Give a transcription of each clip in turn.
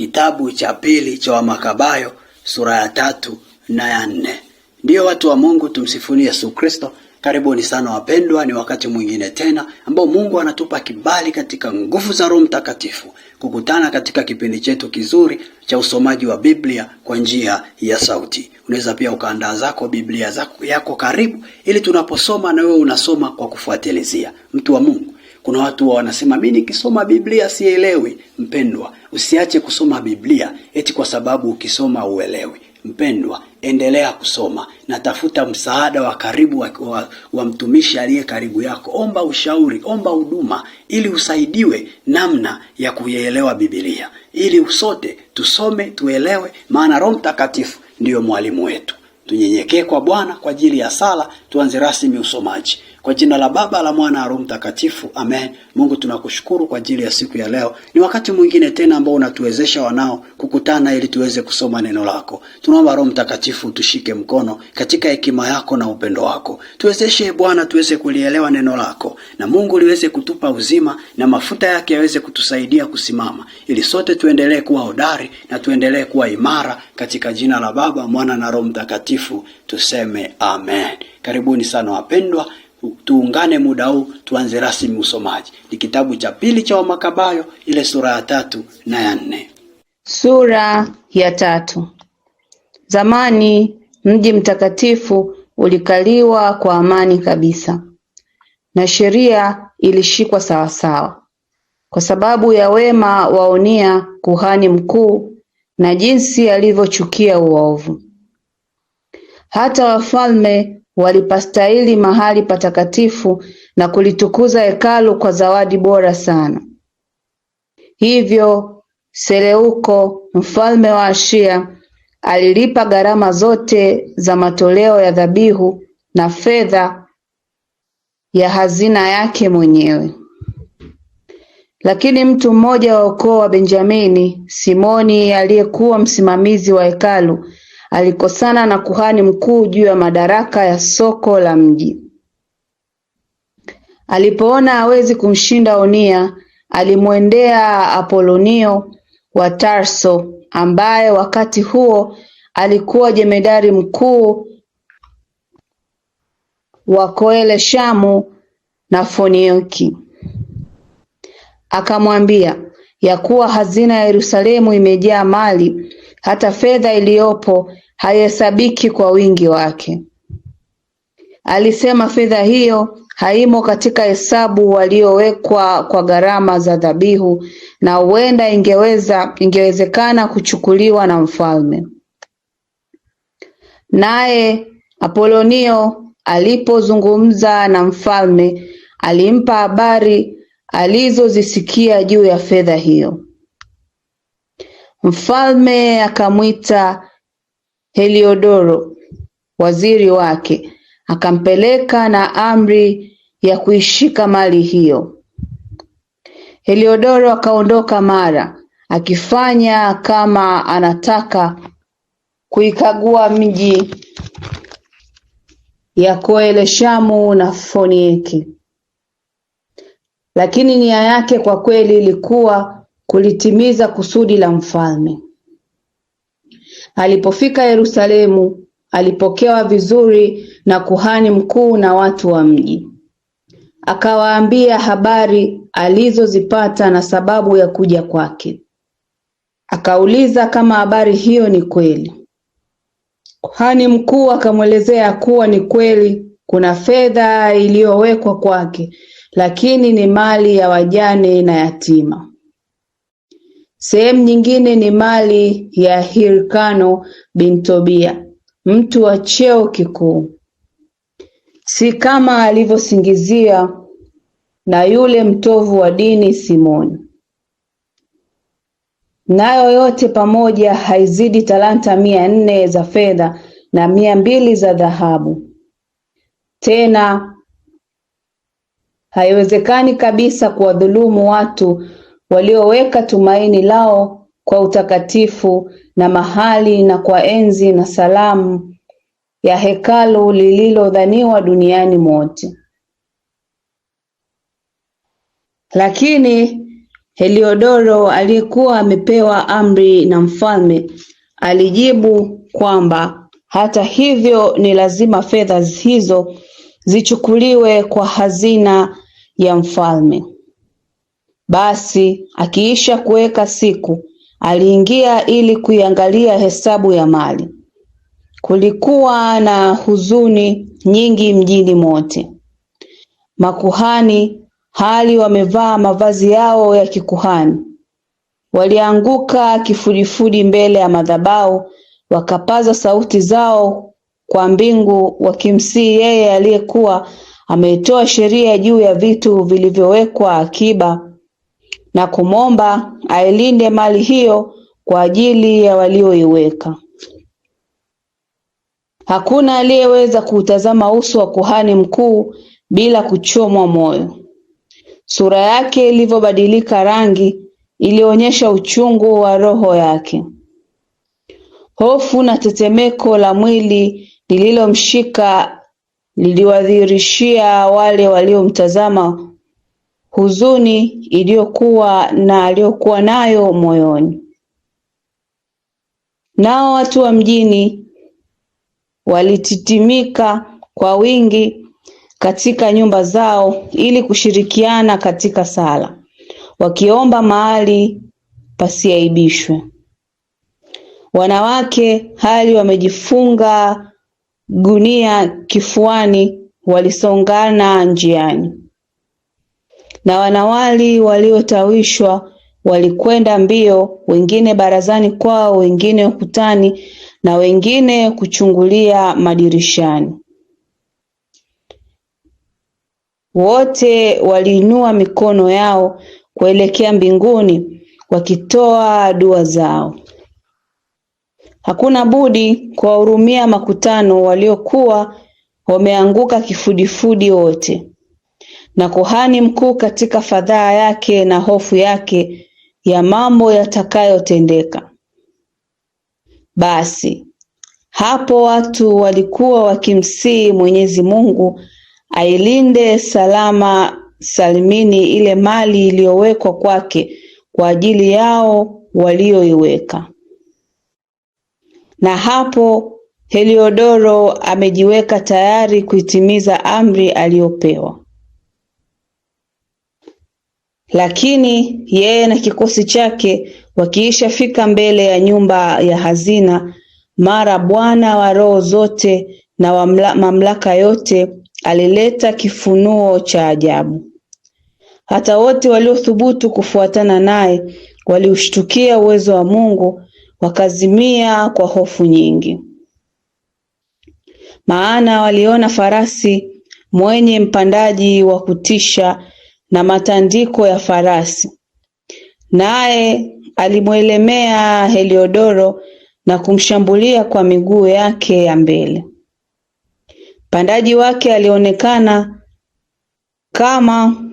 kitabu cha pili cha Wamakabayo sura ya tatu na ya nne. Ndiyo watu wa Mungu, tumsifuni Yesu Kristo. Karibuni sana wapendwa, ni wakati mwingine tena ambao Mungu anatupa kibali katika nguvu za Roho Mtakatifu kukutana katika kipindi chetu kizuri cha usomaji wa Biblia kwa njia ya sauti. Unaweza pia ukaandaa zako Biblia zako yako karibu, ili tunaposoma na wewe unasoma kwa kufuatilizia. Mtu wa Mungu, kuna watu wa wanasema mimi nikisoma Biblia sielewi. Mpendwa, usiache kusoma Biblia eti kwa sababu ukisoma uelewi. Mpendwa, endelea kusoma na tafuta msaada wa karibu wa, wa, wa mtumishi aliye karibu yako. Omba ushauri, omba huduma ili usaidiwe namna ya kuielewa Biblia, ili usote tusome tuelewe, maana Roho Mtakatifu ndiyo mwalimu wetu. Tunyenyekee kwa Bwana kwa ajili ya sala. Tuanze rasmi usomaji. Kwa jina la Baba la Mwana na Roho Mtakatifu, amen. Mungu tunakushukuru kwa ajili ya siku ya leo, ni wakati mwingine tena ambao unatuwezesha wanao kukutana ili tuweze kusoma neno lako. Tunaomba Roho Mtakatifu tushike mkono katika hekima yako na upendo wako, tuwezeshe Bwana tuweze kulielewa neno lako, na Mungu liweze kutupa uzima na mafuta yake yaweze kutusaidia kusimama, ili sote tuendelee kuwa hodari na tuendelee kuwa imara, katika jina la Baba, Mwana na Roho Mtakatifu tuseme amen. Karibuni sana wapendwa tuungane muda huu tuanze rasmi usomaji. Ni kitabu cha pili cha Wamakabayo, ile sura ya tatu na ya nne. Sura ya tatu. Zamani mji mtakatifu ulikaliwa kwa amani kabisa na sheria ilishikwa sawasawa, kwa sababu ya wema wa Onia kuhani mkuu na jinsi alivyochukia uovu. Hata wafalme walipastahili mahali patakatifu na kulitukuza hekalu kwa zawadi bora sana. Hivyo Seleuko mfalme wa Ashia alilipa gharama zote za matoleo ya dhabihu na fedha ya hazina yake mwenyewe. Lakini mtu mmoja wa ukoo wa Benjamini, Simoni, aliyekuwa msimamizi wa hekalu, alikosana na kuhani mkuu juu ya madaraka ya soko la mji. Alipoona hawezi kumshinda Onia, alimwendea Apolonio wa Tarso ambaye wakati huo alikuwa jemedari mkuu wa Koele Shamu na Fonioki, akamwambia ya kuwa hazina ya Yerusalemu imejaa mali hata fedha iliyopo haihesabiki kwa wingi wake. Alisema fedha hiyo haimo katika hesabu waliowekwa kwa gharama za dhabihu, na huenda ingeweza ingewezekana kuchukuliwa na mfalme. Naye Apolonio alipozungumza na mfalme, alimpa habari alizozisikia juu ya fedha hiyo. Mfalme akamwita Heliodoro waziri wake akampeleka na amri ya kuishika mali hiyo. Heliodoro akaondoka mara, akifanya kama anataka kuikagua mji ya Koeleshamu na Foinike, lakini nia yake kwa kweli ilikuwa kulitimiza kusudi la mfalme. Alipofika Yerusalemu, alipokewa vizuri na kuhani mkuu na watu wa mji. Akawaambia habari alizozipata na sababu ya kuja kwake. Akauliza kama habari hiyo ni kweli. Kuhani mkuu akamwelezea kuwa ni kweli kuna fedha iliyowekwa kwake, lakini ni mali ya wajane na yatima. Sehemu nyingine ni mali ya Hirkano bin Tobia mtu wa cheo kikuu, si kama alivyosingizia na yule mtovu wa dini Simoni. Nayo yote pamoja haizidi talanta mia nne za fedha na mia mbili za dhahabu. Tena haiwezekani kabisa kuwadhulumu watu walioweka tumaini lao kwa utakatifu na mahali na kwa enzi na salamu ya hekalu lililodhaniwa duniani mote. Lakini Heliodoro aliyekuwa amepewa amri na mfalme alijibu kwamba hata hivyo ni lazima fedha hizo zichukuliwe kwa hazina ya mfalme. Basi akiisha kuweka siku, aliingia ili kuiangalia hesabu ya mali. Kulikuwa na huzuni nyingi mjini mote. Makuhani hali wamevaa mavazi yao ya kikuhani, walianguka kifudifudi mbele ya madhabahu, wakapaza sauti zao kwa mbingu, wakimsihi yeye aliyekuwa ameitoa sheria juu ya vitu vilivyowekwa akiba na kumwomba ailinde mali hiyo kwa ajili ya walioiweka. Hakuna aliyeweza kuutazama uso wa kuhani mkuu bila kuchomwa moyo. Sura yake ilivyobadilika rangi ilionyesha uchungu wa roho yake. Hofu na tetemeko la mwili lililomshika liliwadhihirishia wale waliomtazama huzuni iliyokuwa na aliyokuwa nayo moyoni. Nao watu wa mjini walititimika kwa wingi katika nyumba zao ili kushirikiana katika sala, wakiomba mahali pasiaibishwe. Wanawake hali wamejifunga gunia kifuani walisongana njiani na wanawali waliotawishwa walikwenda mbio, wengine barazani kwao, wengine ukutani na wengine kuchungulia madirishani. Wote waliinua mikono yao kuelekea mbinguni wakitoa dua zao. Hakuna budi kuwahurumia makutano waliokuwa wameanguka kifudifudi wote na Kuhani Mkuu katika fadhaa yake na hofu yake ya mambo yatakayotendeka. Basi hapo watu walikuwa wakimsii Mwenyezi Mungu ailinde salama salimini ile mali iliyowekwa kwake kwa ajili yao walioiweka. Na hapo Heliodoro amejiweka tayari kuitimiza amri aliyopewa. Lakini yeye na kikosi chake wakiishafika mbele ya nyumba ya hazina, mara Bwana wa roho zote na wa mamlaka yote alileta kifunuo cha ajabu. Hata wote waliothubutu kufuatana naye waliushtukia uwezo wa Mungu, wakazimia kwa hofu nyingi, maana waliona farasi mwenye mpandaji wa kutisha na matandiko ya farasi. Naye alimwelemea Heliodoro na kumshambulia kwa miguu yake ya mbele. Mpandaji wake alionekana kama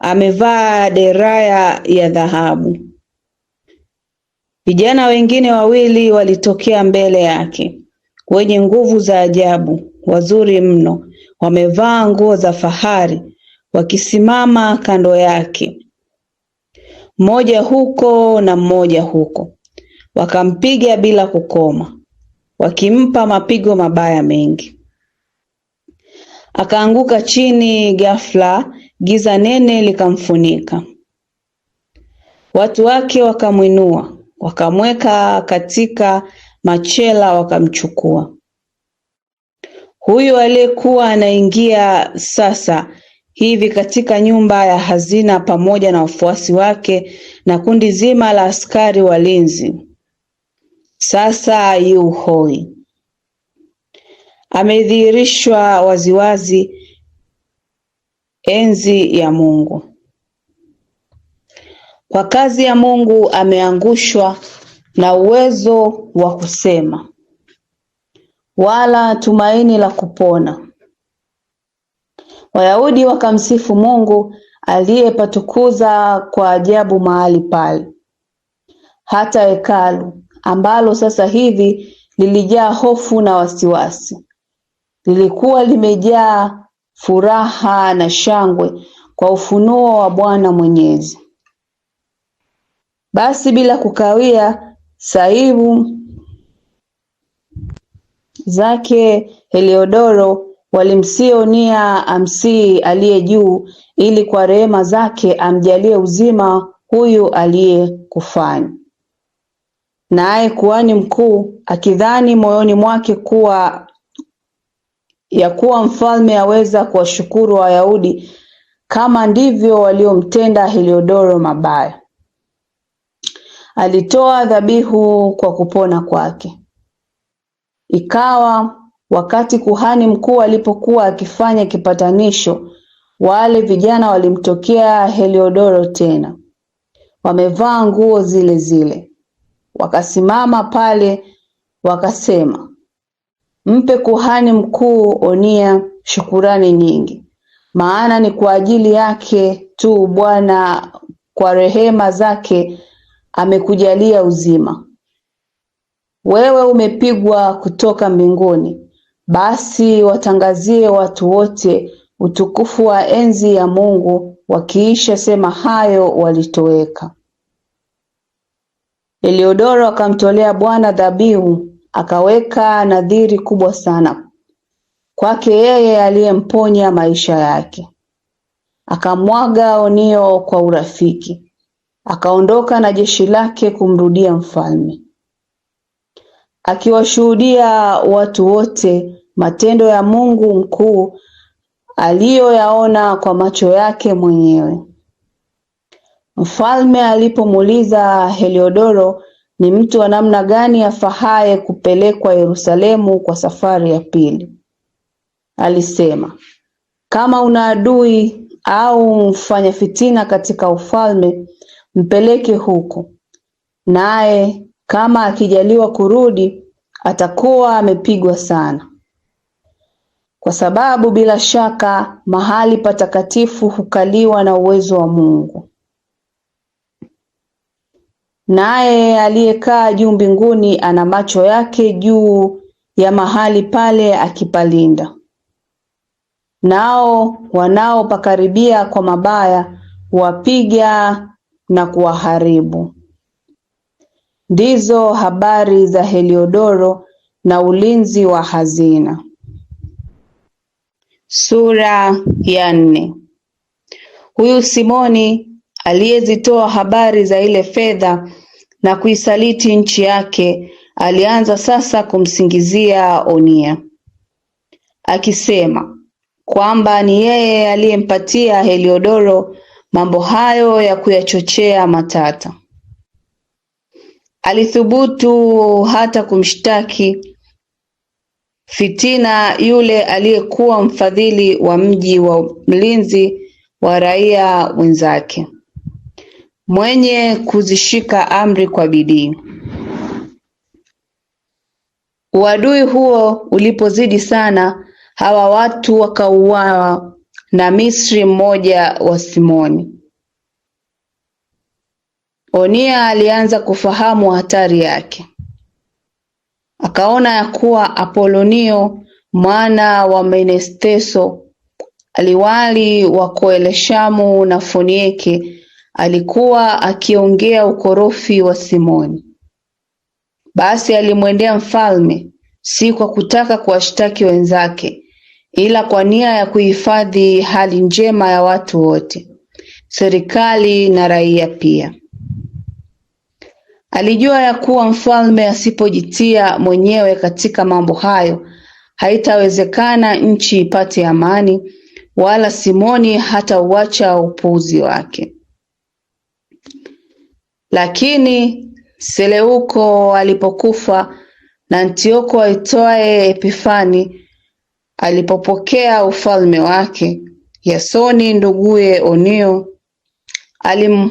amevaa deraya ya dhahabu. Vijana wengine wawili walitokea mbele yake, wenye nguvu za ajabu, wazuri mno, wamevaa nguo za fahari wakisimama kando yake, mmoja huko na mmoja huko, wakampiga bila kukoma, wakimpa mapigo mabaya mengi. Akaanguka chini ghafla, giza nene likamfunika. Watu wake wakamwinua, wakamweka katika machela, wakamchukua. Huyo aliyekuwa anaingia sasa hivi katika nyumba ya hazina pamoja na wafuasi wake na kundi zima la askari walinzi. Sasa yu hoi, amedhihirishwa waziwazi enzi ya Mungu. Kwa kazi ya Mungu ameangushwa na uwezo wa kusema, wala tumaini la kupona Wayahudi wakamsifu Mungu aliyepatukuza kwa ajabu mahali pale. Hata hekalu ambalo sasa hivi lilijaa hofu na wasiwasi, lilikuwa limejaa furaha na shangwe kwa ufunuo wa Bwana Mwenyezi. Basi bila kukawia, saibu zake Heliodoro walimsionia amsi aliye juu ili kwa rehema zake amjalie uzima huyu aliyekufanya. Naye kuhani mkuu akidhani moyoni mwake kuwa ya kuwa mfalme aweza kuwashukuru Wayahudi kama ndivyo waliomtenda Heliodoro mabaya, alitoa dhabihu kwa kupona kwake. Ikawa Wakati kuhani mkuu alipokuwa akifanya kipatanisho wale vijana walimtokea Heliodoro tena wamevaa nguo zile zile wakasimama pale wakasema mpe kuhani mkuu Onia shukurani nyingi maana ni kwa ajili yake tu Bwana kwa rehema zake amekujalia uzima. Wewe umepigwa kutoka mbinguni basi watangazie watu wote utukufu wa enzi ya Mungu. Wakiisha sema hayo, walitoweka. Eliodoro akamtolea Bwana dhabihu, akaweka nadhiri kubwa sana kwake yeye aliyemponya maisha yake, akamwaga onio kwa urafiki, akaondoka na jeshi lake kumrudia mfalme, akiwashuhudia watu wote matendo ya Mungu mkuu aliyoyaona kwa macho yake mwenyewe. Mfalme alipomuuliza Heliodoro ni mtu wa namna gani afahaye kupelekwa Yerusalemu kwa safari ya pili, alisema, kama una adui au mfanya fitina katika ufalme, mpeleke huko, naye kama akijaliwa kurudi, atakuwa amepigwa sana kwa sababu bila shaka mahali patakatifu hukaliwa na uwezo wa Mungu. Naye aliyekaa juu mbinguni ana macho yake juu ya mahali pale akipalinda. Nao wanaopakaribia kwa mabaya wapiga na kuwaharibu. Ndizo habari za Heliodoro na ulinzi wa hazina. Sura ya nne. Huyu Simoni aliyezitoa habari za ile fedha na kuisaliti nchi yake alianza sasa kumsingizia Onia akisema kwamba ni yeye aliyempatia Heliodoro mambo hayo ya kuyachochea matata. Alithubutu hata kumshtaki fitina yule aliyekuwa mfadhili wa mji wa mlinzi wa raia wenzake, mwenye kuzishika amri kwa bidii. Uadui huo ulipozidi sana, hawa watu wakauawa na Misri mmoja wa Simoni. Onia alianza kufahamu hatari yake. Akaona ya kuwa Apolonio mwana wa Menesteso aliwali wa Koeleshamu na fonieke alikuwa akiongea ukorofi wa Simoni, basi alimwendea mfalme, si kwa kutaka kuwashtaki wenzake, ila kwa nia ya kuhifadhi hali njema ya watu wote, serikali na raia pia. Alijua ya kuwa mfalme asipojitia mwenyewe katika mambo hayo haitawezekana nchi ipate amani, wala Simoni hatauacha upuuzi wake. Lakini Seleuko alipokufa na Antioko aitwaye Epifani alipopokea ufalme wake, Yasoni nduguye Onio alim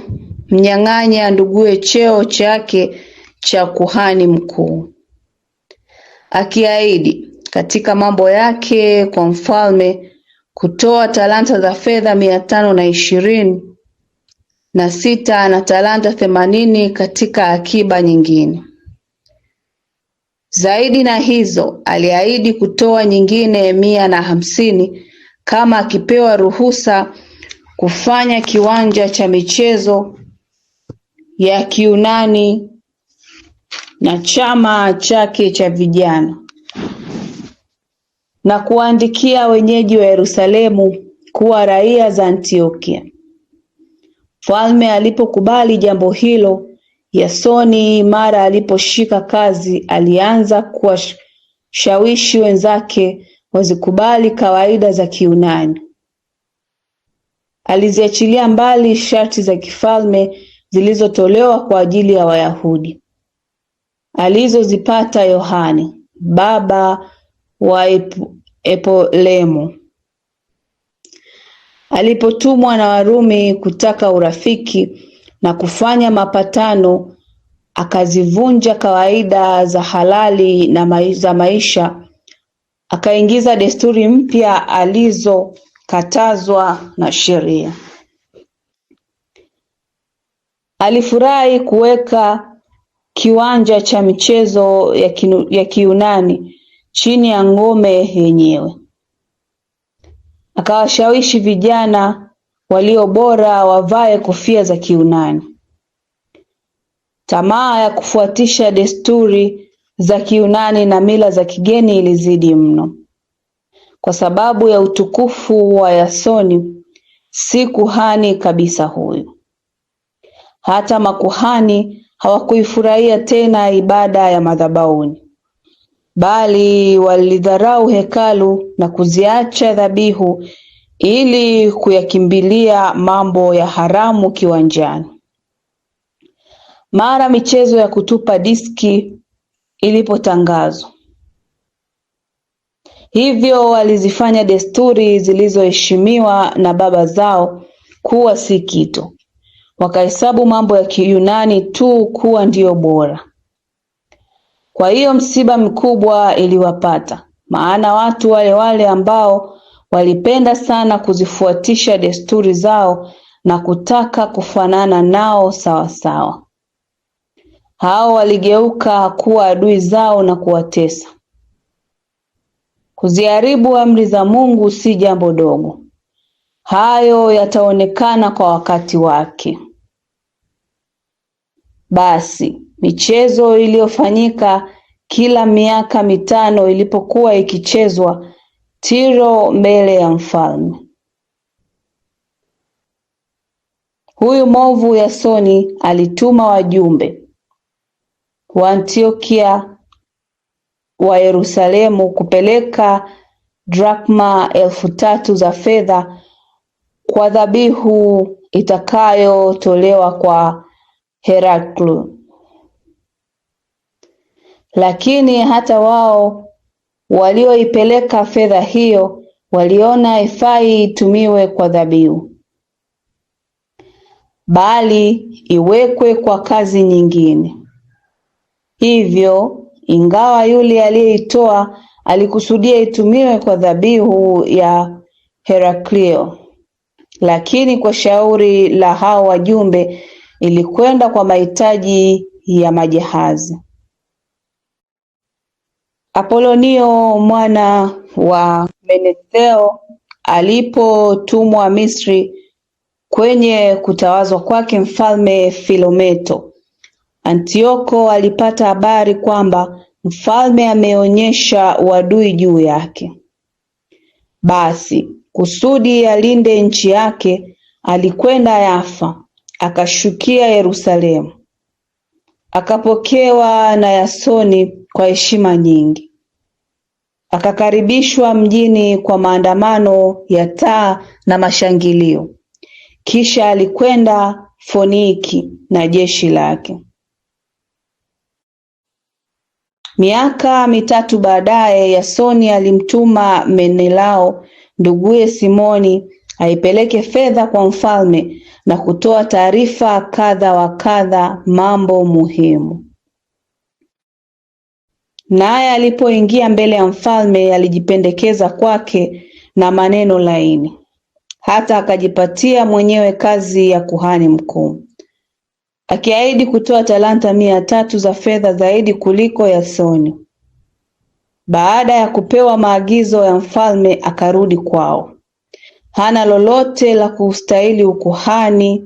mnyang'anye nduguye cheo chake cha kuhani mkuu, akiahidi katika mambo yake kwa mfalme kutoa talanta za fedha mia tano na ishirini na sita na talanta themanini katika akiba nyingine. Zaidi na hizo aliahidi kutoa nyingine mia na hamsini kama akipewa ruhusa kufanya kiwanja cha michezo ya Kiunani na chama chake cha vijana na kuwaandikia wenyeji wa Yerusalemu kuwa raia za Antiokia. Mfalme alipokubali jambo hilo, Yasoni mara aliposhika kazi, alianza kuwashawishi wenzake wazikubali kawaida za Kiunani. Aliziachilia mbali sharti za kifalme zilizotolewa kwa ajili ya Wayahudi alizozipata Yohane baba wa Epolemo alipotumwa na Warumi kutaka urafiki na kufanya mapatano, akazivunja kawaida za halali na za maisha, akaingiza desturi mpya alizokatazwa na sheria. Alifurahi kuweka kiwanja cha michezo ya kiunani chini ya ngome yenyewe akawashawishi vijana walio bora wavae kofia za kiunani Tamaa ya kufuatisha desturi za kiunani na mila za kigeni ilizidi mno. Kwa sababu ya utukufu wa Yasoni, si kuhani kabisa huyu hata makuhani hawakuifurahia tena ibada ya madhabahuni, bali walidharau hekalu na kuziacha dhabihu ili kuyakimbilia mambo ya haramu kiwanjani. Mara michezo ya kutupa diski ilipotangazwa, hivyo walizifanya desturi zilizoheshimiwa na baba zao kuwa si kitu, wakahesabu mambo ya Kiyunani tu kuwa ndiyo bora. Kwa hiyo msiba mkubwa iliwapata, maana watu wale wale ambao walipenda sana kuzifuatisha desturi zao na kutaka kufanana nao sawasawa sawa. Hao waligeuka kuwa adui zao na kuwatesa. Kuziharibu amri za Mungu si jambo dogo. Hayo yataonekana kwa wakati wake. Basi michezo iliyofanyika kila miaka mitano ilipokuwa ikichezwa Tiro mbele ya mfalme huyu movu Yasoni alituma wajumbe wa Antiokia wa Yerusalemu kupeleka drakma elfu tatu za fedha kwa dhabihu itakayotolewa kwa Heraklu. lakini hata wao walioipeleka fedha hiyo waliona ifai itumiwe kwa dhabihu, bali iwekwe kwa kazi nyingine. Hivyo, ingawa yule aliyeitoa alikusudia itumiwe kwa dhabihu ya Heraklio, lakini kwa shauri la hao wajumbe ili kwenda kwa mahitaji ya majahazi. Apolonio mwana wa Menetheo alipotumwa Misri kwenye kutawazwa kwake mfalme Filometo, Antioko alipata habari kwamba mfalme ameonyesha uadui juu yake. Basi kusudi alinde nchi yake, alikwenda Yafa Akashukia Yerusalemu akapokewa na Yasoni kwa heshima nyingi, akakaribishwa mjini kwa maandamano ya taa na mashangilio. Kisha alikwenda Foniki na jeshi lake. Miaka mitatu baadaye, Yasoni alimtuma Menelao nduguye Simoni aipeleke fedha kwa mfalme na kutoa taarifa kadha wa kadha mambo muhimu. Naye alipoingia mbele ya mfalme alijipendekeza kwake na maneno laini, hata akajipatia mwenyewe kazi ya kuhani mkuu, akiahidi kutoa talanta mia tatu za fedha zaidi kuliko Yasoni. Baada ya kupewa maagizo ya mfalme, akarudi kwao hana lolote la kustahili ukuhani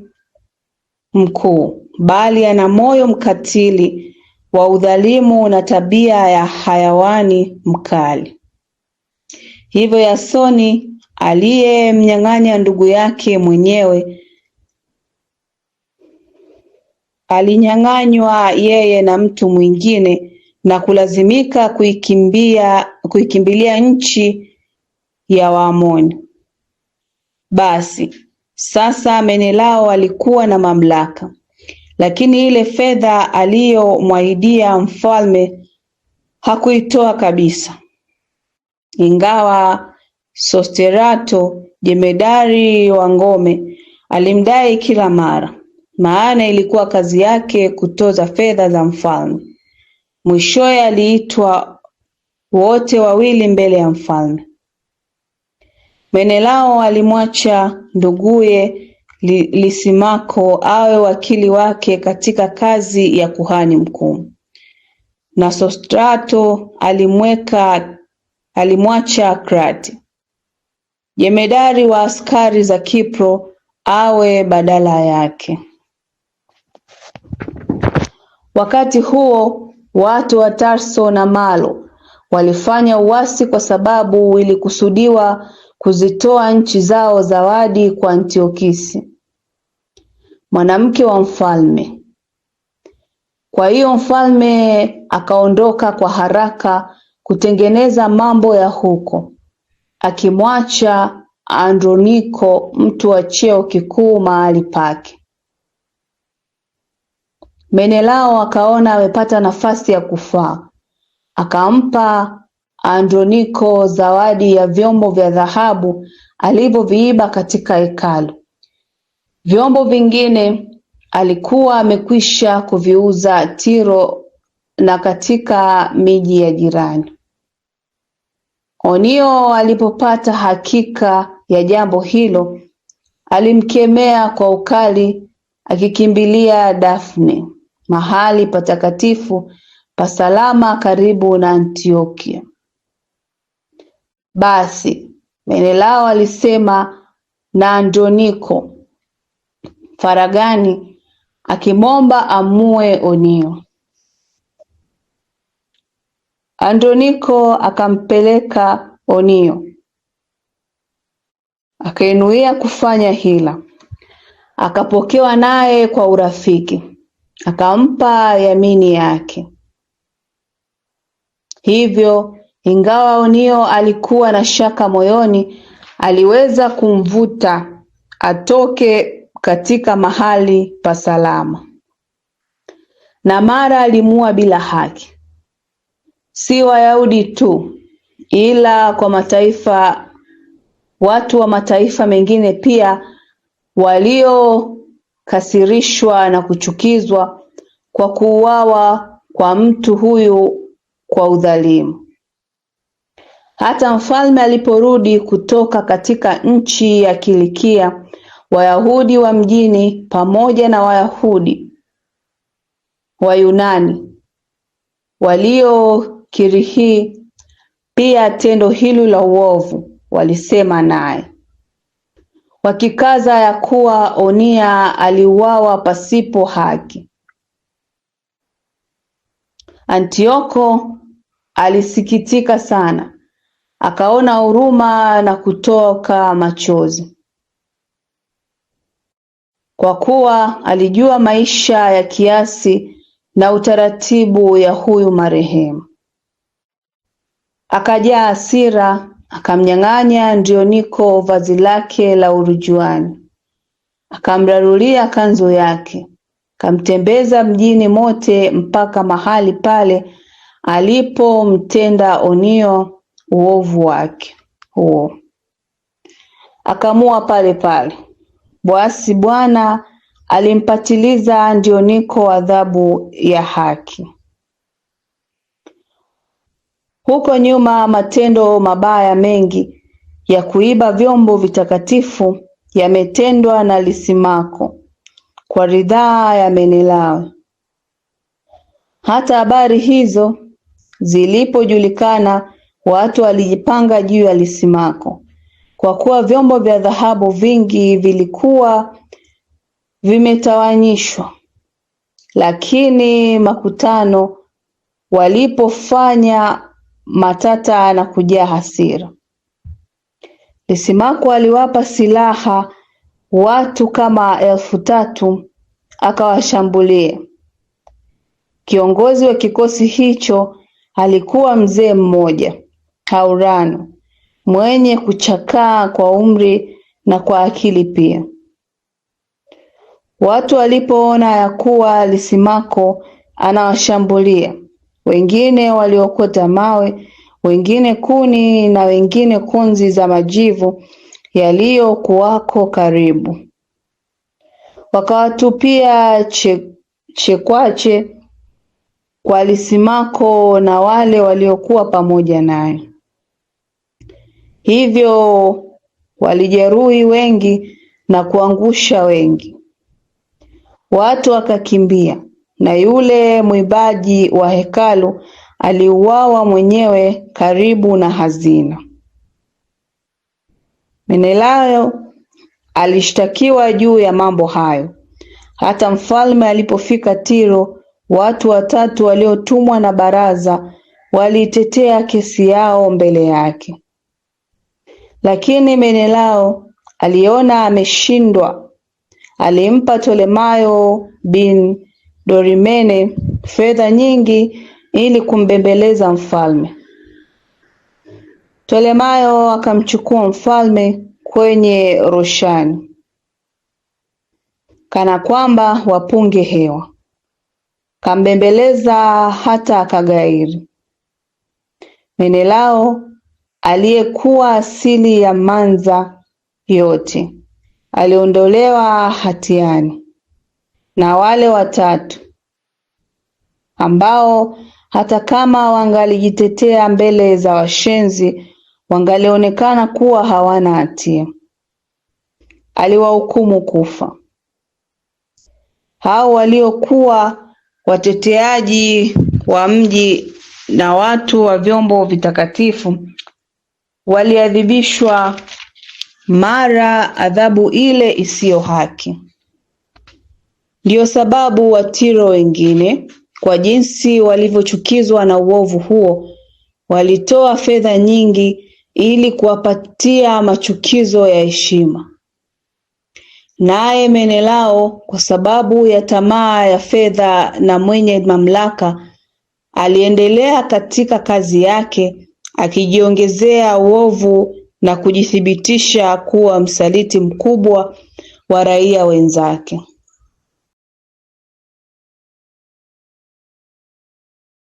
mkuu, bali ana moyo mkatili wa udhalimu na tabia ya hayawani mkali. Hivyo Yasoni aliyemnyang'anya ndugu yake mwenyewe alinyang'anywa yeye na mtu mwingine na kulazimika kuikimbia kuikimbilia nchi ya Waamoni. Basi sasa Menelao alikuwa na mamlaka, lakini ile fedha aliyomwahidia mfalme hakuitoa kabisa, ingawa Sosterato jemedari wa ngome alimdai kila mara, maana ilikuwa kazi yake kutoza fedha za mfalme. mwishoye aliitwa wote wawili mbele ya mfalme. Menelao alimwacha nduguye Lisimako awe wakili wake katika kazi ya kuhani mkuu, na Sostrato alimweka alimwacha Krati jemedari wa askari za Kipro awe badala yake. Wakati huo watu wa Tarso na Malo walifanya uasi kwa sababu ilikusudiwa kuzitoa nchi zao zawadi kwa Antiokisi, mwanamke wa mfalme. Kwa hiyo mfalme akaondoka kwa haraka kutengeneza mambo ya huko, akimwacha Androniko mtu wa cheo kikuu mahali pake. Menelao akaona amepata nafasi ya kufaa, akampa Androniko zawadi ya vyombo vya dhahabu alivyoviiba katika hekalu. Vyombo vingine alikuwa amekwisha kuviuza Tiro na katika miji ya jirani. Onio alipopata hakika ya jambo hilo, alimkemea kwa ukali akikimbilia Dafne, mahali patakatifu pa salama karibu na Antiokia. Basi Menelao alisema na Andoniko faragani, akimwomba amue Onio. andoniko akampeleka Onio, akainuia kufanya hila, akapokewa naye kwa urafiki, akampa yamini yake hivyo ingawa Onio alikuwa na shaka moyoni aliweza kumvuta atoke katika mahali pa salama na mara alimua bila haki, si Wayahudi tu ila kwa mataifa watu wa mataifa mengine pia waliokasirishwa na kuchukizwa kwa kuuawa kwa mtu huyu kwa udhalimu. Hata mfalme aliporudi kutoka katika nchi ya Kilikia Wayahudi wa mjini pamoja na Wayahudi wa Wayunani waliokirihi pia tendo hilo la uovu walisema naye, wakikaza ya kuwa Onia aliuawa pasipo haki. Antioko alisikitika sana Akaona huruma na kutoka machozi, kwa kuwa alijua maisha ya kiasi na utaratibu ya huyu marehemu. Akajaa hasira, akamnyang'anya Ndioniko vazi lake la urujuani, akamrarulia kanzu yake, akamtembeza mjini mote mpaka mahali pale alipomtenda onio uovu wake huo. Akamua pale pale, basi Bwana alimpatiliza ndio niko adhabu ya haki. Huko nyuma matendo mabaya mengi ya kuiba vyombo vitakatifu yametendwa na Lisimako kwa ridhaa ya Menelao. Hata habari hizo zilipojulikana Watu walijipanga juu ya lisimako kwa kuwa vyombo vya dhahabu vingi vilikuwa vimetawanyishwa, lakini makutano walipofanya matata na kujaa hasira, Lisimako aliwapa silaha watu kama elfu tatu akawashambulia. Kiongozi wa kikosi hicho alikuwa mzee mmoja haurano, mwenye kuchakaa kwa umri na kwa akili pia. Watu walipoona ya kuwa Lisimako anawashambulia, wengine waliokota mawe, wengine kuni na wengine kunzi za majivu yaliyokuwako karibu, wakawatupia chekwache kwa Lisimako na wale waliokuwa pamoja naye hivyo walijeruhi wengi na kuangusha wengi. Watu wakakimbia, na yule mwibaji wa hekalu aliuawa mwenyewe karibu na hazina. Menelayo alishtakiwa juu ya mambo hayo. Hata mfalme alipofika Tiro, watu watatu waliotumwa na baraza waliitetea kesi yao mbele yake. Lakini Menelao aliona ameshindwa, alimpa Tolemayo bin Dorimene fedha nyingi ili kumbembeleza mfalme. Tolemayo akamchukua mfalme kwenye roshani kana kwamba wapunge hewa, kambembeleza hata akagairi. Menelao aliyekuwa asili ya Manza yote aliondolewa hatiani, na wale watatu ambao hata kama wangalijitetea mbele za washenzi wangalionekana kuwa hawana hatia, aliwahukumu kufa. Hao waliokuwa wateteaji wa mji na watu wa vyombo vitakatifu waliadhibishwa mara adhabu ile isiyo haki. Ndiyo sababu Watiro wengine kwa jinsi walivyochukizwa na uovu huo walitoa fedha nyingi ili kuwapatia machukizo ya heshima. Naye Menelao kwa sababu ya tamaa ya fedha na mwenye mamlaka aliendelea katika kazi yake akijiongezea uovu na kujithibitisha kuwa msaliti mkubwa wa raia wenzake